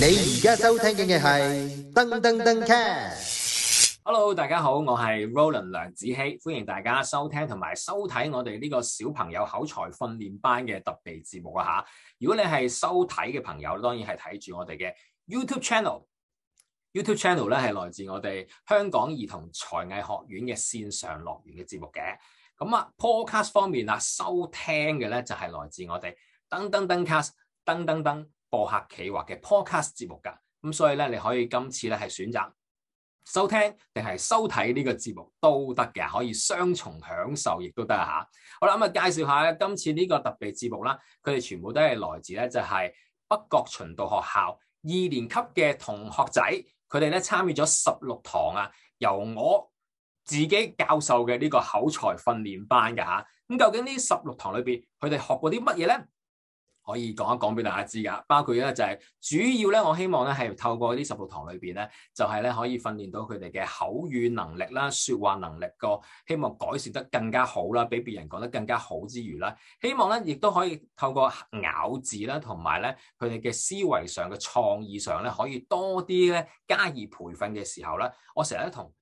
你而家收聽緊嘅係噔噔噔 cast。Hello，大家好，我係 Roland 梁梓禧，歡迎大家收聽同埋收睇我哋呢個小朋友口才訓練班嘅特別節目啊吓！如果你係收睇嘅朋友，當然係睇住我哋嘅 YouTube channel。YouTube channel 咧係來自我哋香港兒童才藝學院嘅綫上樂園嘅節目嘅。咁啊，Podcast 方面啊，收聽嘅咧就係來自我哋。登登，cast，登登登 cast，登登登播客企劃嘅 podcast 節目噶，咁所以咧你可以今次咧係選擇收聽定係收睇呢個節目都得嘅，可以雙重享受，亦都得吓。好啦，咁、嗯、啊介紹下今次呢個特別節目啦，佢哋全部都係來自咧就係北角循道學校二年級嘅同學仔，佢哋咧參與咗十六堂啊，由我自己教授嘅呢個口才訓練班嘅吓。咁究竟呢十六堂裏邊佢哋學過啲乜嘢咧？可以講一講俾大家知㗎，包括咧就係主要咧，我希望咧係透過呢十六堂裏邊咧，就係咧可以訓練到佢哋嘅口語能力啦、説話能力個希望改善得更加好啦，比別人講得更加好之餘啦。希望咧亦都可以透過咬字啦，同埋咧佢哋嘅思維上嘅創意上咧，可以多啲咧加以培訓嘅時候咧，我成日都同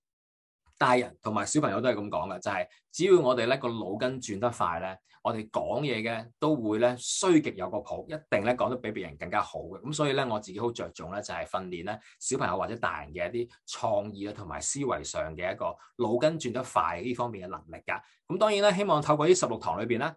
大人同埋小朋友都係咁講嘅，就係只要我哋咧個腦筋轉得快咧。我哋講嘢嘅都會咧，衰極有個譜，一定咧講得比別人更加好嘅。咁所以咧，我自己好着重咧，就係訓練咧小朋友或者大人嘅一啲創意啊，同埋思維上嘅一個腦筋轉得快呢方面嘅能力㗎。咁當然啦，希望透過呢十六堂裏邊咧，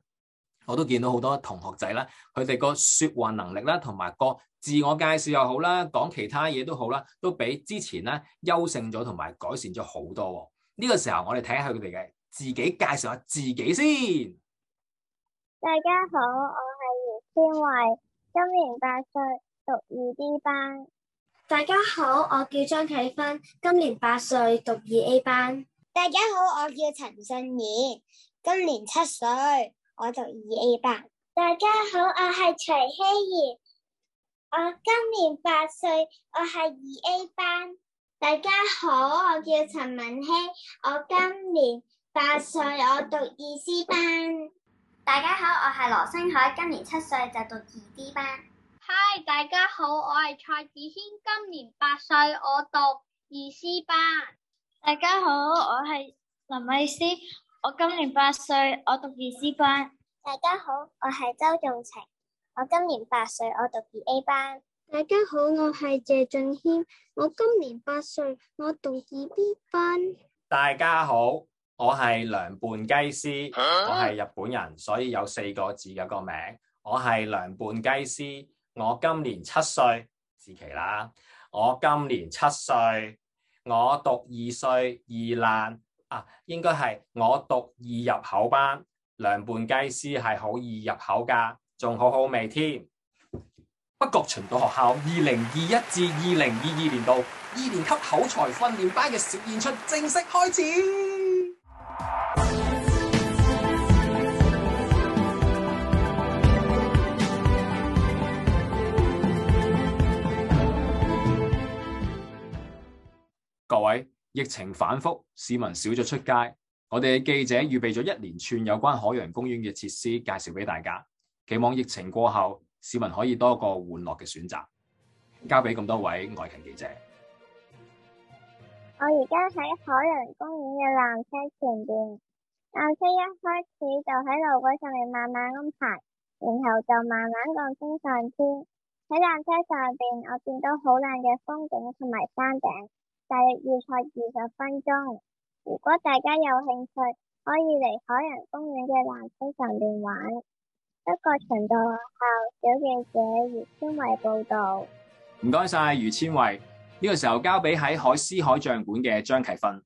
我都見到好多同學仔啦，佢哋個説話能力啦，同埋個自我介紹又好啦，講其他嘢都好啦，都比之前咧優勝咗同埋改善咗好多。呢、這個時候我哋睇下佢哋嘅自己介紹下、啊、自己先。大家好，我係袁天慧，今年八歲，讀二 A 班。大家好，我叫張啟芬，今年八歲，讀二 A 班。大家好，我叫陳信燕，今年七歲，我讀二 A 班。大家好，我係徐希怡，我今年八歲，我係二 A 班。大家好，我叫陳文希，我今年八歲，我讀二 C 班。大家好，我係羅星海，今年七歲，就讀二 D 班。Hi，大家好，我係蔡子軒，今年八歲，我讀二 C 班。大家好，我係林慧思，我今年八歲，我讀二 C 班。大家好，我係周仲晴，我今年八歲，我讀二 A 班。大家好，我係謝俊軒，我今年八歲，我讀二 B 班。大家好。我係涼拌雞絲，我係日本人，所以有四個字嘅一個名。我係涼拌雞絲，我今年七歲，自期啦。我今年七歲，我讀二歲二難啊，應該係我讀二入口班。涼拌雞絲係好易入口噶，仲好好味添。北角循道學校二零二一至二零二二年度二年級口才訓練班嘅小演出正式開始。各位，疫情反覆，市民少咗出街，我哋嘅記者預備咗一連串有關海洋公園嘅設施介紹俾大家，期望疫情過後，市民可以多一個玩樂嘅選擇。交俾咁多位外勤記者。我而家喺海洋公園嘅纜車前邊，纜車一開始就喺路軌上面慢慢咁爬，然後就慢慢降升上天。喺纜車上邊，我見到好靚嘅風景同埋山頂。大約要坐二十分鐘。如果大家有興趣，可以嚟海洋公園嘅纜車上邊玩。一個循道學校小記者余千惠報道。唔該晒余千惠，呢個時候交俾喺海獅海象館嘅張啟芬。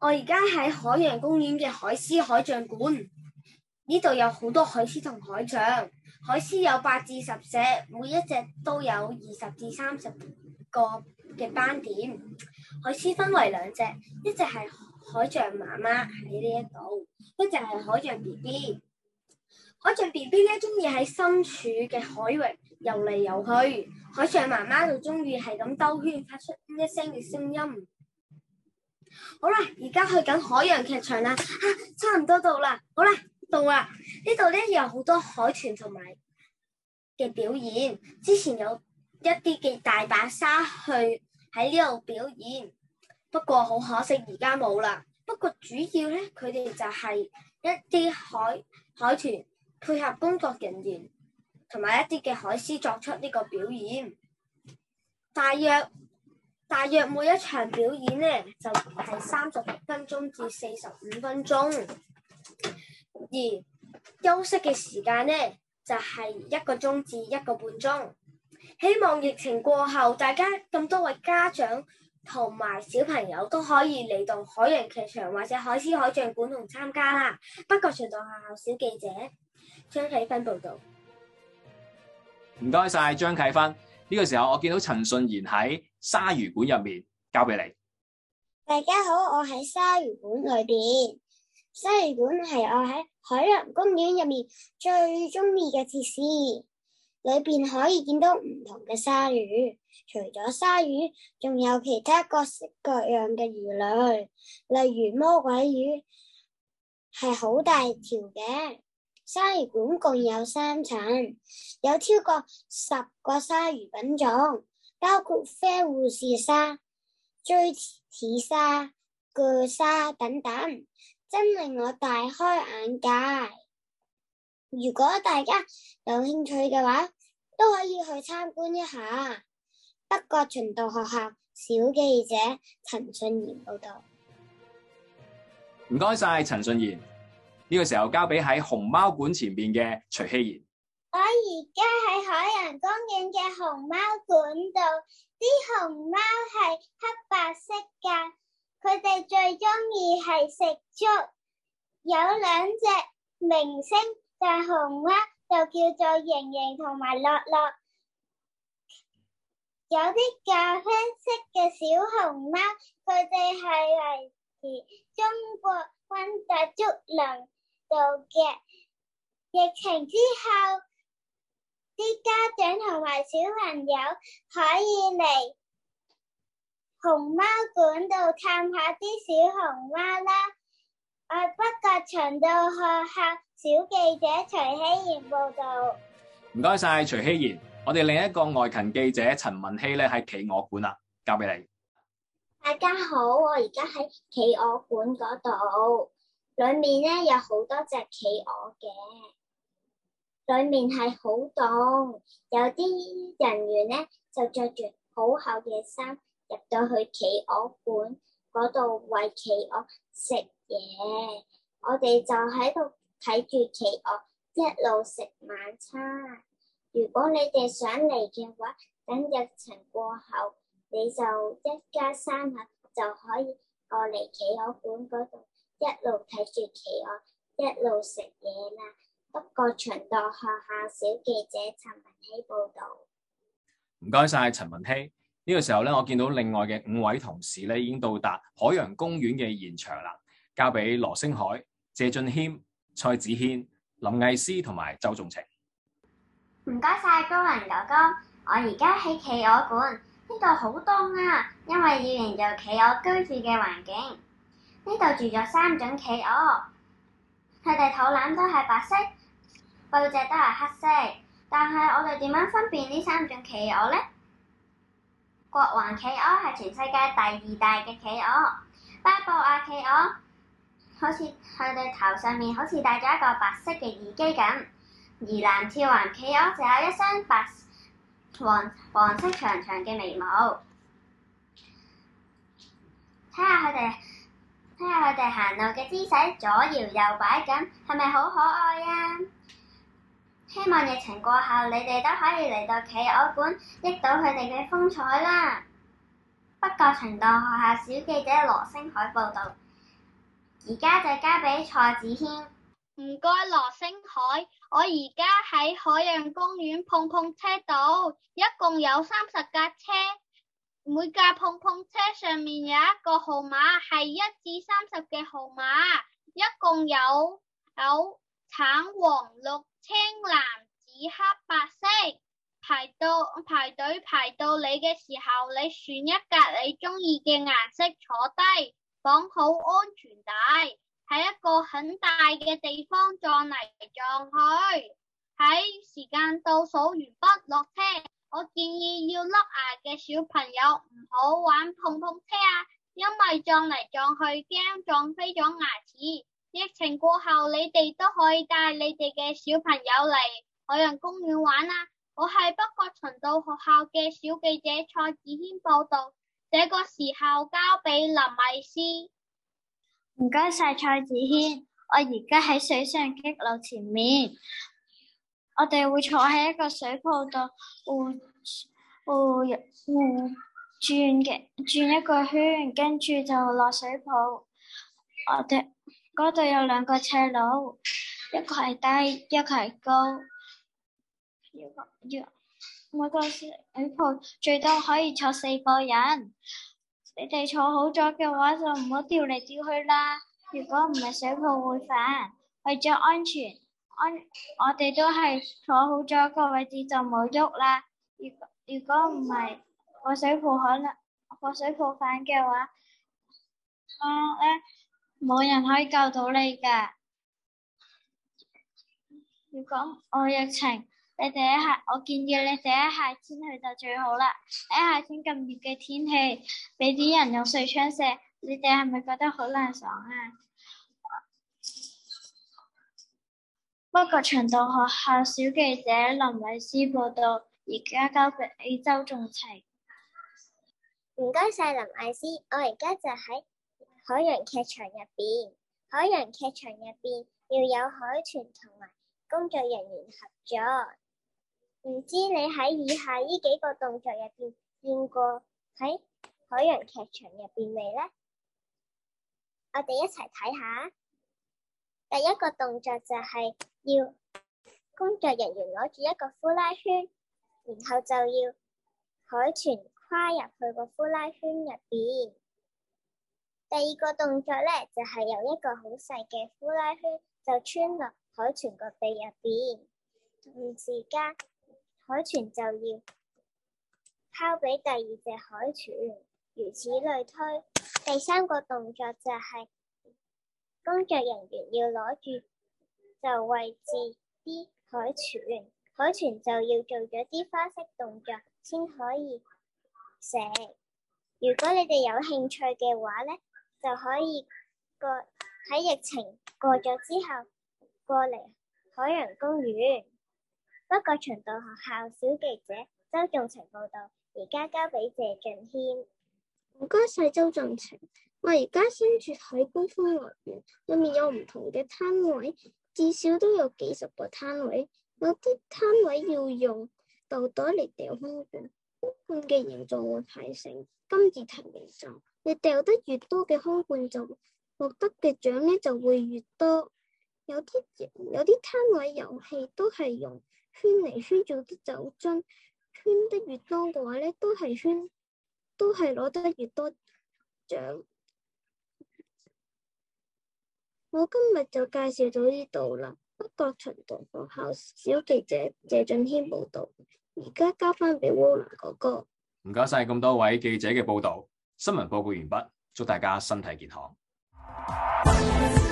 我而家喺海洋公園嘅海獅海象館，呢度有好多海獅同海象。海獅有八至十隻，每一隻都有二十至三十個嘅斑點，海獅分為兩隻，一隻係海象媽媽喺呢一度，一隻係海象 B B。海象 B B 咧中意喺深處嘅海域游嚟游去，海象媽媽就中意係咁兜圈，發出一聲嘅聲音。好啦，而家去緊海洋劇場啦，啊，差唔多到啦。好啦，到啦，呢度咧有好多海豚同埋嘅表演，之前有。一啲嘅大白鯊去喺呢度表演，不過好可惜而家冇啦。不過主要呢，佢哋就係一啲海海豚配合工作人員同埋一啲嘅海獅作出呢個表演。大約大約每一場表演呢，就係三十分鐘至四十五分鐘，而休息嘅時間呢，就係、是、一個鐘至一個半鐘。希望疫情過後，大家咁多位家長同埋小朋友都可以嚟到海洋劇場或者海獅、海象館同參加啦。不過，循道學校小記者張啟芬報道，唔該晒張啟芬。呢個時候，我見到陳順賢喺鯊魚館入面，交俾你。大家好，我喺鯊魚館裏邊。鯊魚館係我喺海洋公園入面最中意嘅設施。裏邊可以見到唔同嘅鯊魚，除咗鯊魚，仲有其他各式各樣嘅魚類，例如魔鬼魚，係好大條嘅。鯊魚館共有三層，有超過十個鯊魚品種，包括啡護士鯊、錐齒鯊、巨鯊等等，真令我大開眼界。如果大家有興趣嘅話，都可以去參觀一下。北角循道學校小記者陳順賢報道。唔該晒，陳順賢，呢個時候交俾喺熊貓館前面嘅徐希賢。我而家喺海洋公園嘅熊貓館度，啲熊貓係黑白色噶，佢哋最中意係食竹，有兩隻明星。大熊貓就叫做盈盈同埋樂樂，有啲咖啡色嘅小熊貓，佢哋係嚟自中國溫帶竹林度嘅。疫情之後，啲家長同埋小朋友可以嚟熊貓館度探下啲小熊貓啦。我北角循道學校。小記者徐希賢報道，唔該晒徐希賢。我哋另一個外勤記者陳文希咧喺企鵝館啦，交俾你。大家好，我而家喺企鵝館嗰度，裏面咧有好多隻企鵝嘅，裏面係好凍，有啲人員咧就着住好厚嘅衫入到去企鵝館嗰度喂企鵝食嘢，我哋就喺度。睇住企鵝一路食晚餐。如果你哋想嚟嘅話，等疫情過後，你就一家三口就可以過嚟企鵝館嗰度，一路睇住企鵝，一路食嘢啦。不過循道學校小記者陳文希報道，唔該晒陳文希。呢個時候咧，我見到另外嘅五位同事咧已經到達海洋公園嘅現場啦。交俾羅星海、謝俊謙。蔡子軒、林毅思同埋周仲晴，唔該晒高雲哥哥。我而家喺企鵝館，呢度好凍啊，因為要營造企鵝居住嘅環境。呢度住咗三種企鵝，佢哋肚腩都係白色，背脊都係黑色。但係我哋點樣分辨呢三種企鵝呢？國王企鵝係全世界第二大嘅企鵝，巴布亞企鵝。好似佢哋頭上面好似戴咗一個白色嘅耳機咁，而藍跳環企鵝就有一雙白黃黃色長長嘅眉毛，睇下佢哋睇下佢哋行路嘅姿勢，左搖右擺咁，係咪好可愛呀？希望疫情過後，你哋都可以嚟到企鵝館一睹佢哋嘅風采啦。北角循道學校小記者羅星海報道。而家就交畀蔡子軒。唔該，羅星海，我而家喺海洋公園碰碰車度，一共有三十架車，每架碰碰車上面有一個號碼，係一至三十嘅號碼，一共有有橙、黃、綠、青、藍、紫、黑、白色，排到排隊排到你嘅時候，你選一架你鍾意嘅顏色坐低。綁好安全帶，喺一個很大嘅地方撞嚟撞去，喺時間倒數完畢落車。我建議要甩牙嘅小朋友唔好玩碰碰車啊，因為撞嚟撞去驚撞飛咗牙齒。疫情過後，你哋都可以帶你哋嘅小朋友嚟海洋公園玩啊。我係、啊、北角循道學校嘅小記者蔡子軒報道。這個時候交俾林藝詩。唔該晒，蔡子軒，我而家喺水上激流前面。我哋會坐喺一個水泡度，會轉嘅轉一個圈，跟住就落水泡。我哋嗰度有兩個斜路，一個係低，一個係高。一個，一個。每個水泡最多可以坐四個人，你哋坐好咗嘅話就唔好掉嚟掉去啦。如果唔係水泡會反，為咗安全，安我哋都係坐好咗個位置就冇喐啦。如果如果唔係個水泡可能個水泡反嘅話，咧、啊、冇人可以救到你噶。如果我有情。你哋一下，我建議你哋一下天去就最好啦。第一下天咁熱嘅天氣，畀啲人用水槍射，你哋係咪覺得好涼爽啊？ 不過循道學校小記者林偉思報道，而家交俾周仲齊。唔該晒林偉思，我而家就喺海洋劇場入邊。海洋劇場入邊要有海豚同埋工作人員合作。唔知你喺以下呢幾個動作入邊見過喺海洋劇場入邊未呢？我哋一齊睇下。第一個動作就係要工作人員攞住一個呼啦圈，然後就要海豚跨入去個呼啦圈入邊。第二個動作呢，就係由一個好細嘅呼啦圈就穿落海豚個鼻入邊，同時間。海豚就要拋俾第二隻海豚，如此類推。第三個動作就係工作人員要攞住就位置啲海豚，海豚就要做咗啲花式動作先可以食。如果你哋有興趣嘅話呢，就可以過喺疫情過咗之後過嚟海洋公園。北角循道學校小記者周仲晴報道，而家交俾謝俊軒。唔該晒周仲晴。我而家身處喺高峰樂園，裏面有唔同嘅攤位，至少都有幾十個攤位。有啲攤位要用豆袋嚟掉空罐，空罐嘅形狀會排成金字塔形狀。你掉得越多嘅空罐就，就獲得嘅獎呢就會越多。有啲有啲攤位遊戲都係用。圈嚟圈做啲酒樽，圈得越多嘅話咧，都係圈都係攞得越多獎。我今日就介紹到呢度啦。北角循道學校小記者謝俊軒報道。而家交翻俾 Roland 哥哥。唔該晒咁多位記者嘅報道。新聞報告完畢，祝大家身體健康。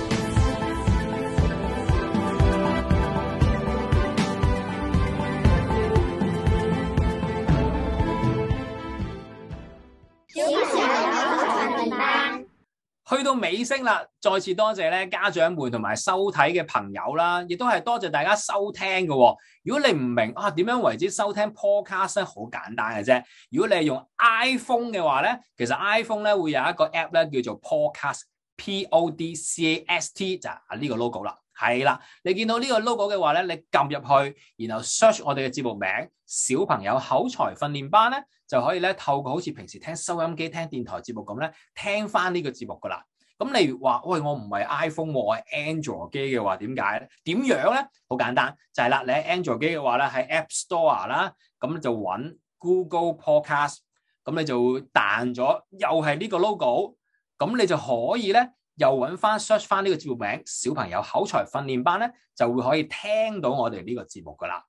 去到尾聲啦，再次多謝咧家長們同埋收睇嘅朋友啦，亦都係多謝大家收聽嘅。如果你唔明啊，點樣為之收聽 podcast 咧，好簡單嘅啫。如果你係用 iPhone 嘅話咧，其實 iPhone 咧會有一個 app 咧叫做 podcast，p o d c a s t 就係呢個 logo 啦。係啦，你見到呢個 logo 嘅話咧，你撳入去，然後 search 我哋嘅節目名《小朋友口才訓練班》咧，就可以咧透過好似平時聽收音機聽電台節目咁咧，聽翻呢個節目噶啦。咁你話喂，我唔係 iPhone，我係 Android 機嘅話，點解咧？點樣咧？好簡單，就係啦。你喺 Android 機嘅話咧，喺 App Store 啦，咁你就揾 Google Podcast，咁你就彈咗，又係呢個 logo，咁你就可以咧。又揾翻 search 翻呢個節目名，小朋友口才訓練班咧，就會可以聽到我哋呢個節目噶啦。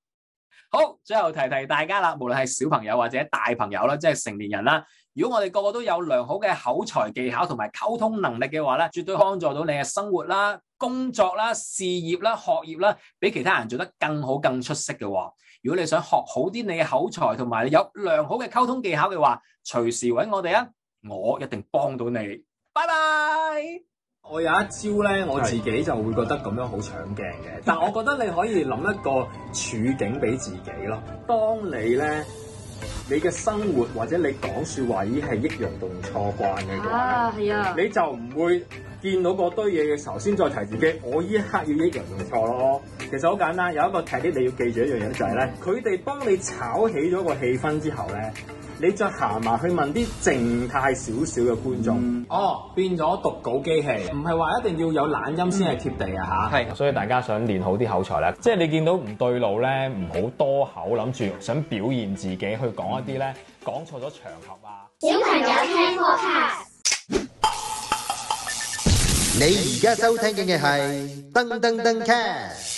好，最後提提大家啦，無論係小朋友或者大朋友啦，即係成年人啦，如果我哋個個都有良好嘅口才技巧同埋溝通能力嘅話咧，絕對幫助到你嘅生活啦、工作啦、事業啦、學業啦，比其他人做得更好、更出色嘅。如果你想學好啲你嘅口才同埋有良好嘅溝通技巧嘅話，隨時搵我哋啊，我一定幫到你。拜拜。我有一招咧，我自己就會覺得咁樣好搶鏡嘅。但係我覺得你可以諗一個處境俾自己咯。當你咧，你嘅生活或者你講說話已經係抑揚頓挫慣嘅話，啊係啊，啊你就唔會見到嗰堆嘢嘅時候，先再提自己。我呢一刻要抑揚頓挫咯。其實好簡單，有一個 tips 你要記住一樣嘢就係咧，佢哋幫你炒起咗個氣氛之後咧。你著行埋去問啲靜態少少嘅觀眾。嗯、哦，變咗讀稿機器，唔係話一定要有懶音先係貼地啊吓，係、嗯，所以大家想練好啲口才咧，即係你見到唔對路咧，唔好多口諗住想表現自己去講一啲咧，講錯咗場合啊。小朋友聽 p 你而家收聽緊嘅係噔噔噔 c a